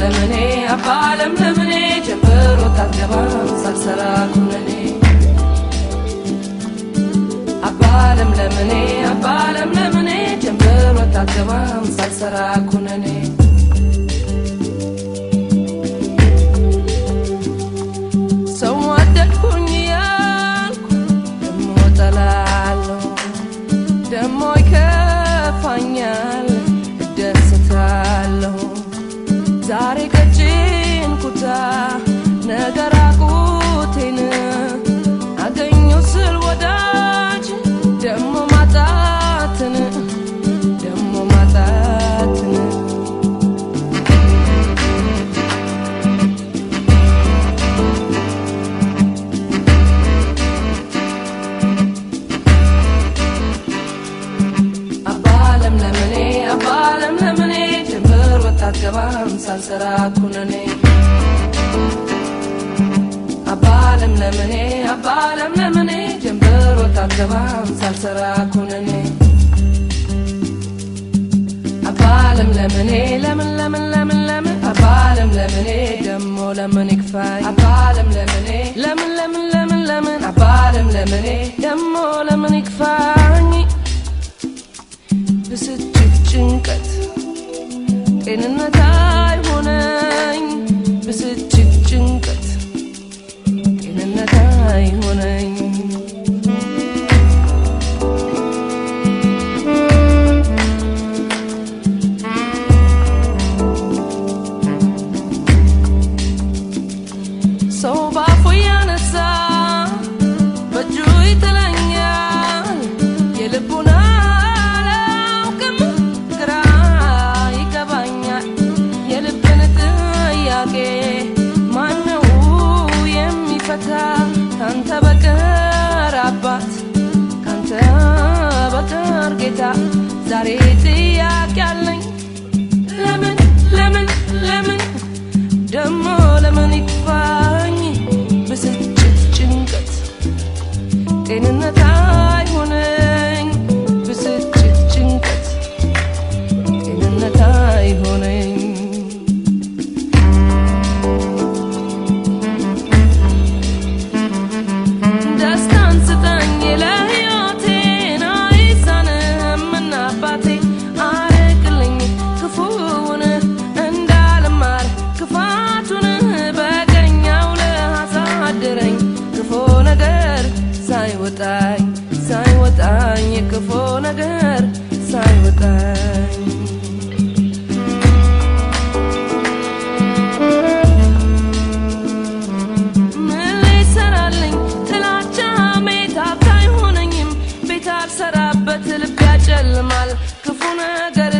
ለምኔ አባለም ለምኔ ጀንበሮ ወጣት ሳልሰራ ኩነኔ አባ ለምኔ አባለም ለምኔ ጀንበሮ ወጣት ገባም ሳልሰራ ኩነኔ አታገባም ሳልሰራ ኩነኔ አባለም ለምኔ አባለም ለምኔ ጀንበር አታገባም ሳልሰራ ኩነኔ አባለም ለምኔ ለምን ለምን ለምን ለምን አባለም ለምኔ ደሞ ለምን ይክፋይ አባለም ለምኔ ለምን ለምን ለምን ለምን አባለም ለምኔ ደሞ ለምን ይክፋይ ጤንነት አይሆነኝ ብስጭት ጭንቀት ጤንነት አይሆነኝ ካንተ በቀር አባት ካንተ በቀር ጌታ ዛሬ ጥያቄ አለኝ ለምን ለምን ለምን ደሞ ነገር ሳይወጣኝ ምን ሊሰራልኝ ጥላቻ ሜት ሀብት ቤት አልሰራበት ልብ ያጨልማል ክፉ ነገር